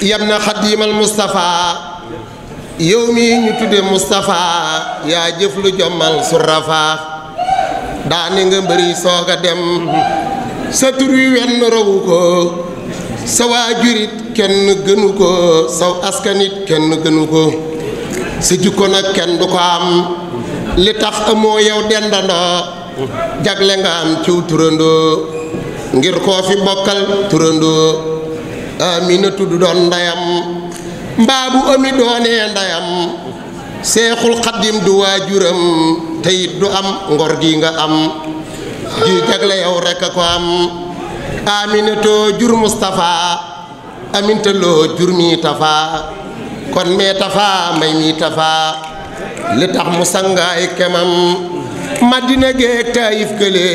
yam na xadiimal Moustapha yow mii ñu tudde Moustapha yaa jëf lu jommal su rafaa daani nga mbëri soog a dem sa tur wi wenn rawu ko sa waajurit kenn gënu ko saw askanit kenn gënu ko sa jikko nag kenn du ko am li tax amoo yow dendandoo jagle nga am ciw turandoo ngir koo fi bokkal turandoo aminatu du doon ndeyam mbaa bu ami doonee ndeyam seexul xaddim du waajuram te du am ngor gi nga am ji jagle yow rekk a ko am aminatoo jur Mustapha amintaloo jur mi tafa kon mee tafa may mi tafa li tax mu sangaay kemam madina geeg taayif kële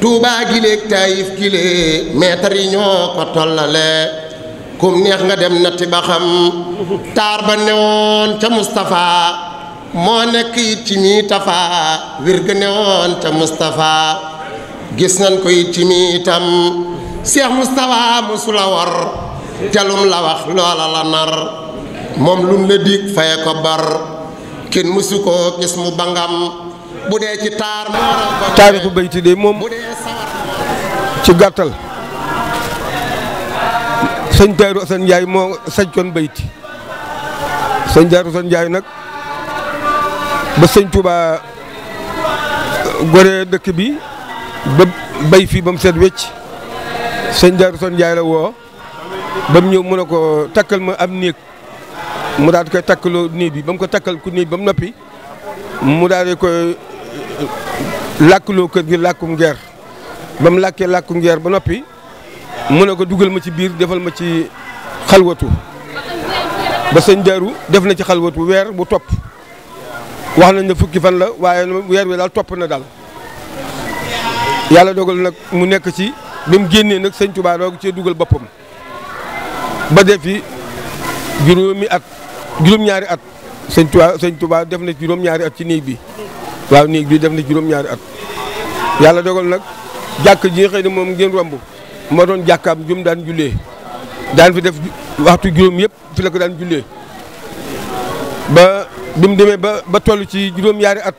Touba gileeg Taïf gilee meetar yi ñoo ko tollale kum neex nga dem na ba xam taar ba newoon ca mustafa moo nekk it ci mii tafa wér ga newoon ca Moustapha gis nañ ko it ci mii itam Cheikh Moustapha mosu la war la wax loola la nar moom lun la dig faye ko bar kenn mosu koo gis mu bangam bu dee ci taar taarixu bayti de moom ci gàttal sëñ Taaru Asan Njaay moo sañcoon bayti sëñ Taaru Asan Njaay nag ba sëñ Tuubaa uh, goree dëkk bi ba bay fii ba mu seet wecc sëñ Taaru Asan Njaay la woo ba mu ñëw mu ne ko takkal ma am néeg mu daal di koy takkaloo néeg bi ba mu ko takkal ku néeg ba mu noppi mu daal di koy euh, làkkloo kër gi làkkum ngeer ba mu làkkee làkkum ngeer ba noppi mu ne ko dugal ma ci biir defal ma ci xalwatu ba sëñ Daaru def na ci xalwatu weer bu topp wax nañ ne fukki fan la waaye weer wi daal topp na daal yàlla dogal nag mu nekk ci bi mu génnee nag sëñ Tuubaa cee dugal boppam ba def fi juróomi at juróom-ñaari at sëñ Tuubaa sëñ Tuubaa def na juróom-ñaari at ci néeg bi waaw néeg bi def na juróom-ñaari at yàlla dogal nag jàkk ji xëy na moom ngeen romb moo doon jàkkaam jum daan jullee daan fi def waxtu juróom yëpp fi ko daan jullee ba bi demee ba ba toll ci juróom-ñaari at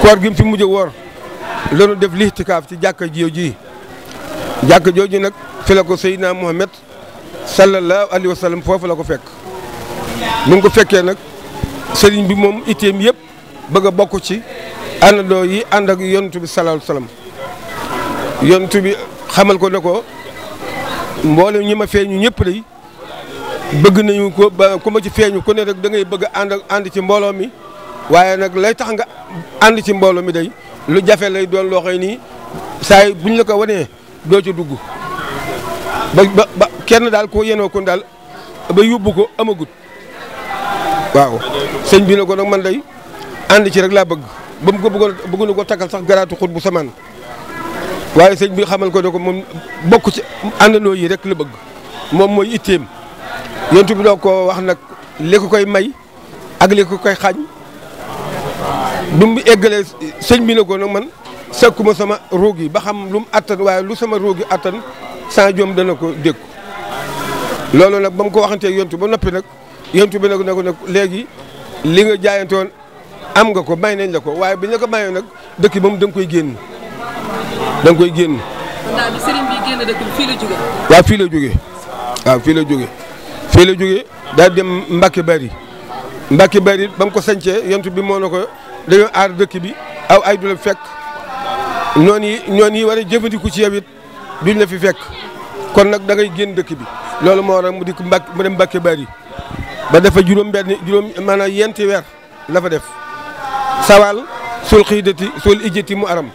koor gi mu fi mujj woor loolu def lixtikaaf ci jàkka jooju jàkka jooju nag fi la ko Seydina Muhammad sallallahu alayhi wa foofu la ko fekk. mi ngi fekkee nag sëriñ bi moom itteem yëpp bëgg a bokk ci àndandoo yi ànd ak yontu bi salaahu bi xamal ko ne ko mboolem ñi ma feeñu ñëpp lay bëgg nañu ko ba ku ma ci feeñu ko ne rek dangay bëgg ànd ak ànd ci mbooloo mi waaye nag lay tax nga ànd ci mbooloo mi day lu jafe lay doon loo xëy nii saay buñ la wanee doo ci dugg ba ba kenn daal ko yenoo kon daal ba yóbbu ko amagut. waaw sëñ bi ne ko nag man day ànd ci rek laa bëgg ba mu ko bëggoon bëgguñu ko takkal sax garaatu xut bu samaan waaye sëñ bi xamal ko ne ko moom bokk ci àndandoo yi rek la bëgg moom mooy itteem yontu bi doo ko wax nag li ko koy may ak li ko koy xaañ bi mu eggalee sëñ bi ne ko nag man sekkuma sama ruug yi ba xam lu mu attan waaye lu sama ruug yi attan sans jom dana ko dégg loolu nag ba mu ko waxantee yontu ba noppi nag. yontu bi nag ne ko nag léegi li nga jaayantoon am nga ko may nañ la ko waaye bi ñu ko mayee nag dëkki bi moom da nga koy génn dang nga koy génn. ndax bi sëriñ bi génn dëkk fii la jógee. waaw la jógee waaw fii la jógee fii la jógee daal dem Mbacke Bari Mbacke Bari ba ko sañcee yontu bi moo na ko dañoo aar dëkk bi aw ay du la fekk noonu yi noonu yi war a jëfandiku ci yow it duñ la fi fekk kon nag da ngay génn dëkk bi loolu moo waral mu dikk Mbacke mu dem Mbacke Bari ba dafa juróom benn juróom maanaam yenti weer la fa def sawal sul xiidati sul ijjati mu aram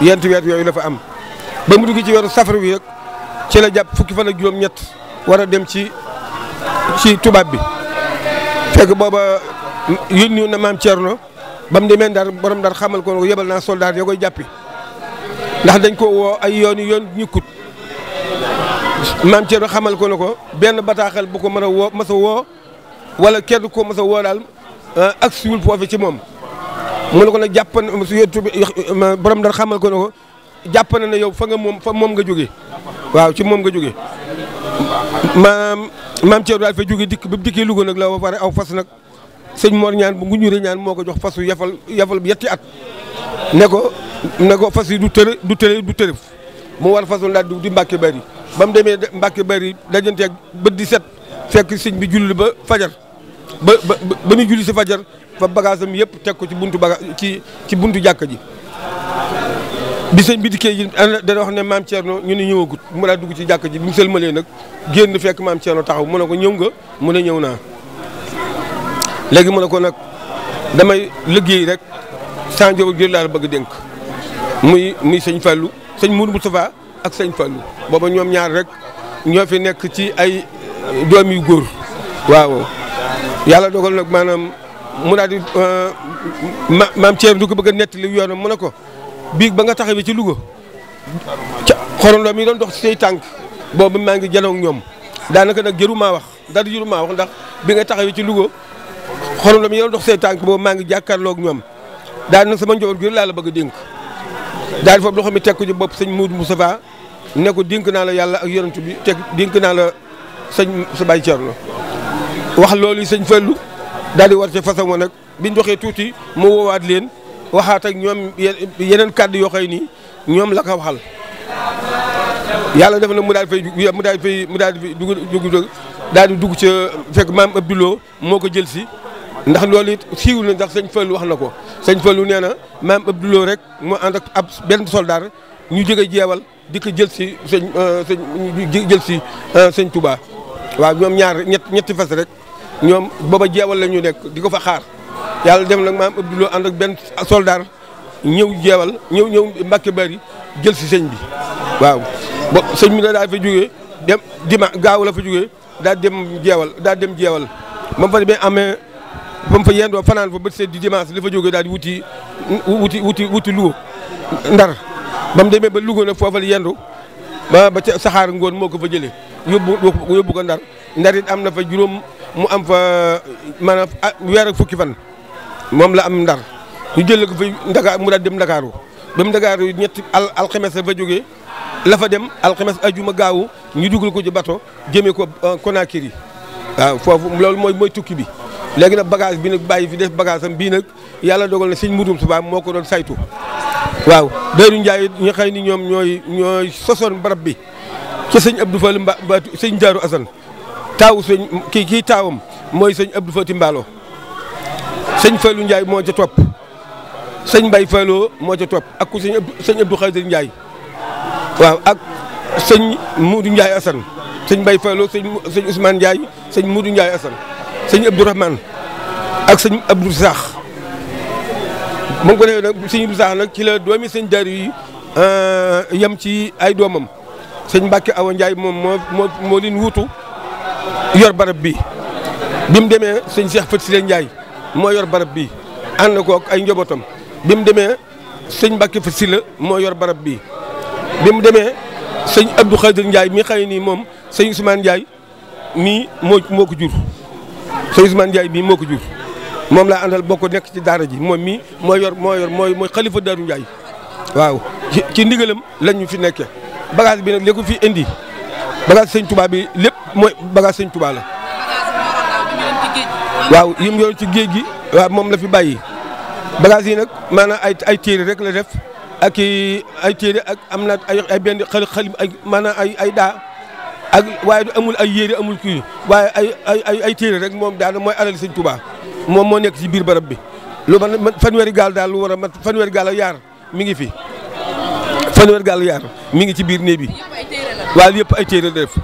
yenti weer yooyu la fa am ba mu dugg ci weeru safar wi rek ci la jàpp fukki fan ak juróom ñett war a dem ci ci tubaab bi fekk booba yónni na maam Thierno ba mu demee ndar borom ndar xamal ko yebal naa soldat yoo koy jàppi ndax dañ ko woo ay yoon yoon ñukkut maam Thierno xamal ko ne ko benn bataaxal bu ko mën a woo mës a woo wala kenn koo mos a woo daal euh, ak siwul foofu ci moom mu ne ko nag jàpp na su yéen borom dara xamal ko ne ko jàpp na ne yow fa nga moom fa moom nga jóge waaw ci moom nga jóge maam maam Thierno daal fa jóge dikk bi dikkee Louga nag la ba aw fas nag sëñ Mor ñaan bu nguñuure ñaan moo ko jox fasu yefal yefal bi yetti at ne ko ne ko fas yi du tërë du tërë du tërëf mu war fasul daal di Mbàkke Bari ba mu demee Mbàkke Bari dajanteeg bët di set fekk sëñ bi julli ba fajar ba ba ba ñu julli si fajar fa bagage am yëpp teg ko ci buntu baga ci ci buntu jàkka ji bi sëñ bi dikkee ji dana wax ne maam Thierno ñu ne ñëwagut mu daal dugg ci jàkka ji bi mu sëlmalee nag génn fekk maam Thierno taxaw mu ne ko ñëw nga mu ne ñëw naa. léegi mu ne ko nag damay liggéey rek saa njaboot gi laa bëgg dénk muy muy sëñ Fallou sëñ Mourou Moustapha ak sëñ Fallou booba ñoom ñaar rek ñoo fi nekk ci ay doom yu góor waaw. yàlla dogal nag maanaam mu daal di euh, ma maam Thierno du ko bëgg a nettali yoonam mu ne ko biig ba nga taxawee ci Louga ca xorondoo mi doon dox ci say tànk boobu maa ngi janoog ñoom daanaka nag jëru maa wax dara jëru maa wax ndax bi nga taxawee ci Louga xorondoo mi doon dox say tànk boobu maa ngi jàkkaarloog ñoom daal nag sama njaboot gi laa la bëgg a dénk daal foofu loxo mi teg ko ci bopp sëñ Moudou Moustapha ne ko dénk naa la yàlla ak yonent bi teg dénk naa la sëñ sa Baye Thierno wax loolu sëñ Fallou daal di war ci façon nag biñ doxee tuuti mu woowaat leen waxaat ak ñoom yeneen kàddu yoo xëy nii ñoom la ko yàlla def na mu daal fay daal fay mu daal di dugg daal di dugg ca fekk maam Abdoulou moo ko jël si. ndax loolu it siiw na ndax sëñ Fallou wax na ko sëñ Fallou nee na maam Abdoulou rek moo ànd ak ab benn soldaar ñu jóge jeewal di ko jël si sëñ euh, sëñ jël si euh, sëñ ñoom ñaar ñetti fas rek. ñoom booba jeewal la ñu nekk di ko fa xaar yàlla dem nag maam Abdou Lo ànd ak benn soldaar ñëw jeewal ñëw ñëw Mbàkke Bari jël si sëñ bi waaw. bo sëñ bi nag daa fa jógee dem gaaw la fa jógee daa dem jeewal daa dem jeewal ba ba mu fa yendoo fanaan fa bët seet di dimanche li fa jógee daal wuti wuti wuti wuti Louga ndar demee ba Louga nag yendu ba ba saxaar ngoon moo ko fa jëlee yóbbu fa juróom. mu am fa maanaam ah, weer ak fukki fan moom la am ndar ñu jël ko fi Ndakaar mu dem Ndakaaru ba mu Ndakaaru ñetti al alxames la fa jógee la fa dem alxames ajuma gaawu ñu dugal ko ci bato jëmee ko euh, Conakry waaw foofu loolu mooy mooy tukki bi. léegi nag bagage bi nag bàyyi fi def bagage am bii nag yàlla dogal na sëñ Mutum Suba moo ko doon saytu waaw Dóoru Ndiaye ñi xëy ni ñoom ñooy ñooy sosoon barab bi ci sëñ Abdou Fall mba sëñ Jaaru Assane taaw sëñ kii kii taawam mooy sëñ Abdou Fati Mballo sëñ Fallou Ndiaye moo ca topp sëñ Mbaye Fallou moo jotop topp ak ku sëñ sëñ Abdou Khadir waaw ak sëñ Moudou njaay Assane sëñ mbay Fallou sëñ sëñ Ousmane Ndiaye sëñ Moudou Ndiaye Assane sëñ Abdou Rahman ak sëñ Abdou Sakh mu ngi ko defee nag sëñ Abdou Sakh nag ci doomi sëñ Daaru yi euh, yem ci ay doomam sëñ Mbacke Awa njaay moom moo moo moo yor barab bi bi mu demee sëñ Cheikh Faty Sylla Ndiaye moo yor barab bi ànd ko ay njabootam bi demee sëñ Mbacke Faty Sylla moo yor barab bi bi mu demee sëñ Abdou Khadir Ndiaye mi xëy nii moom sëñ Ousmane Ndiaye mii moo moo ko jur sëñ Ousmane njaay mii moo ko jur moom laa àndal bokk nekk ci daara ji moom mii moo yor moo yor mooy mooy xalifa Daaru Ndiaye waaw ci ndigalam lañ ñu fi nekkee bagage bi nag li fi indi bagage sëñ Touba bi lépp mooy bagage sëñ Touba la. waaw yi mu yor ci géej gi waaw moom la fi bàyyi bagage yi nag maanaam ay ay téere rek la def ak i ay téere ak am na ay ay benn xali xali ay maanaam ay ay daa ak waaye du amul ay yére amul kii waaye ay ay ay téere rek moom daa mooy alal sëñ Touba moom moo nekk ci biir barab bi. lu man fanweeri gaal daal lu war a mat fanweeri gaal a yaar mi ngi fi fanweeri gaal yaar mi ngi ci biir néeg bi. waal yëpp ay téere def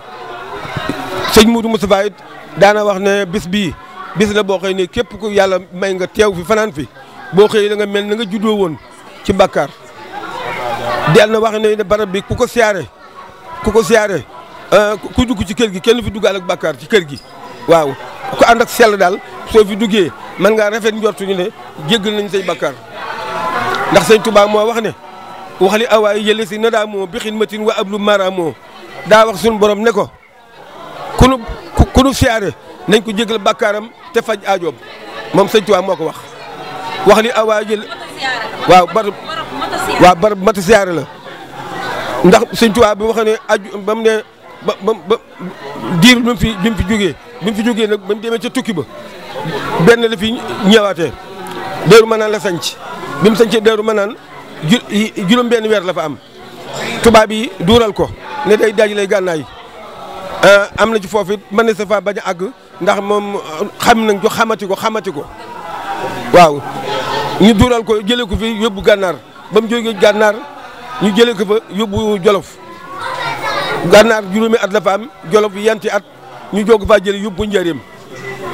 sëñ Moudou Moustapha it daana wax ne bis bii bis na boo xëy ne képp ku yàlla may nga teew fi fanaan fi boo xëy la nga mel na nga juddoo woon ci bàkkaar dell na wax ne barab bi ku ko siyaare ku ko siyaare euh, ku dugg ci kër gi kenn fi duggaal ak bàkkaar ci kër gi waaw ku ànd sel daal soo fi duggee mën nga rafet njortuñu ne jéggal nañ say bàkkaar ndax sëñ Tuubaa moo wax ne wax li awaay yële si nadaamoo bixin matin wa ablu maraamoo daa wax suñu borom ne ko ku nu ku nu siyaare nañ ko jégal bàkkaaram te faj aajoom moom sëñ Tuubaa moo ko wax wax li awaa ah, la waaw barab waaw barab mata siyaare la ndax sëñ Tuubaa bi waxee ne diir bi fi bi mu fi jógee nag ba mu demee ca tukki ba benn la fi ñëwaatee deeru ma naan la sanc bi mu sancee deeru ma naan juróom benn weer la fa am tubaab yi duural ko ne day dajale gànnaay eh, am na ci foofu it mën na sa fa bañ a àgg ndax moom xam nañ ko xamati ko xamati ko waaw ñu duural ko jëlee ko fi yóbbu gànnaar ba mu jógee gànnaar ñu jëlee ko fa yóbbu jolof gànnaar juróomi at la fa am jolof yanti at ñu jóg faa jëlee yóbbu njëriñam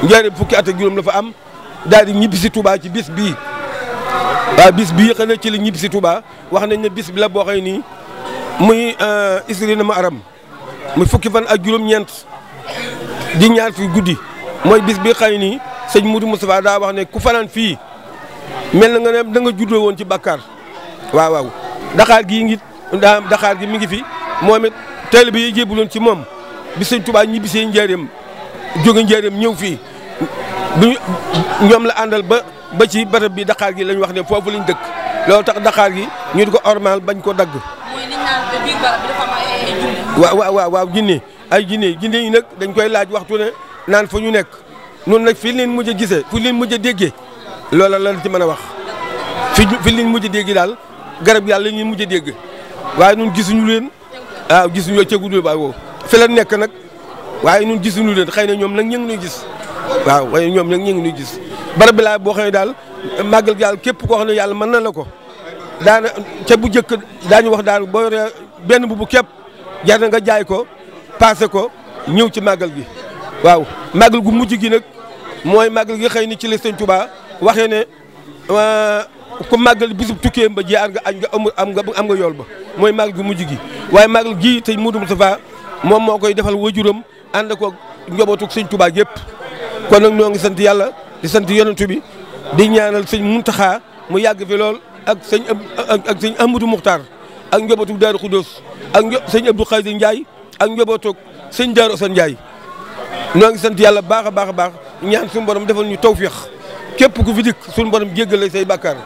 njëriñ fukki at ak juróom la fa am daal di ñibbi si Touba ci bis bii waaw bis bii xëy na ci li ñibbi si Touba wax nañ ne bis bi la boo nii. muy euh, na ma aram muy fukki fan ak juróom-ñeent di ñaar fi guddi mooy bis bi xay nii sëñ Moudou Moustapha daa wax ne ku fanaan fii mel na nga ne juddoo woon ci bàkkaar waaw waaw daxaar gi ngi daxaar gi mi ngi fi moom it teel bi yiy jébbuloon ci moom bi sëñ Tuubaa ñibbisee njëriñam jóge njëriñam ñëw fii bu ñoom la àndal ba ba ci barab bi daxaar gi lañ wax ne foofu lañ dëkk loolu tax daxaar gi ñu di ko ormal bañ koo dagg waaw waaw waaw jinne ay jinne jinne yi nag dañ koy laaj waxtu ne naan foo ñu nekk noonu nag fii leen mujj a gisee fi leen mujj a déggee loola la ci mën a wax fii fi leen mujj a dégg daal garab yàlla la ñuy mujj a dégg waaye ñun gisuñu leen ah, waaw gisuñu la cegudul ba woo la nekk nag waaye ñun gisuñu leen xëy na ñoom nag ñu ngi ñuy gis waaw waaye ñoom nag ñu ngi ñuy gis barab bi laa boo xëy daal màggal yàlla képp koo xam ne yàlla mën na la ko daana ca bu njëkk daañu wax daal boo yoree benn bu bu képp jar na nga jaay ko paase ko ñëw ci màggal gi waaw màggal gu mujj gi nag mooy màggal gi xëy ni ci la Sëñ Tuubaa waxee ne ku màggal bisub tukkee ba ji nga añ nga am nga am nga yool ba mooy màggal gu mujj gi waaye màggal gi te Moudou Moustapha moom moo koy defal wajuram ànd ko njobootu Sëñ tubaa yëpp kon nag ñoo ngi sant yàlla di sant yonentu bi di ñaanal Sëñ Muntaxa mu yàgg fi lool ak sëñ ak ak sëñ Amadou Muxtaar ak njabootu Daaru Xudóos ak sëñ Abdou Xaadir Ndiaye ak njabootu sëñ Daaru Asan Ndiaye noo ngi sant yàlla baax a baax a baax ñaan suñu borom defal ñu tawféex képp ku fi dikk suñu borom jéggale say bàkkaar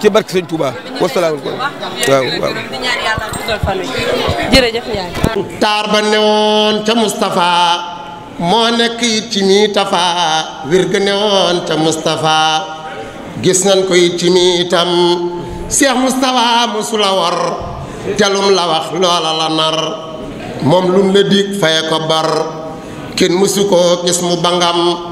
ci barke sëñ Touba wasalaamaaleykum waaw waaw. jërëjëf moo nekk it ci mii Tafa wér ga newoon ca gis nañ ko it ci miitam Cheikh Moustapha mosula war telum la wax loola la nar moom lun la dig faye ko bar kenn mosu koo gis mu bangam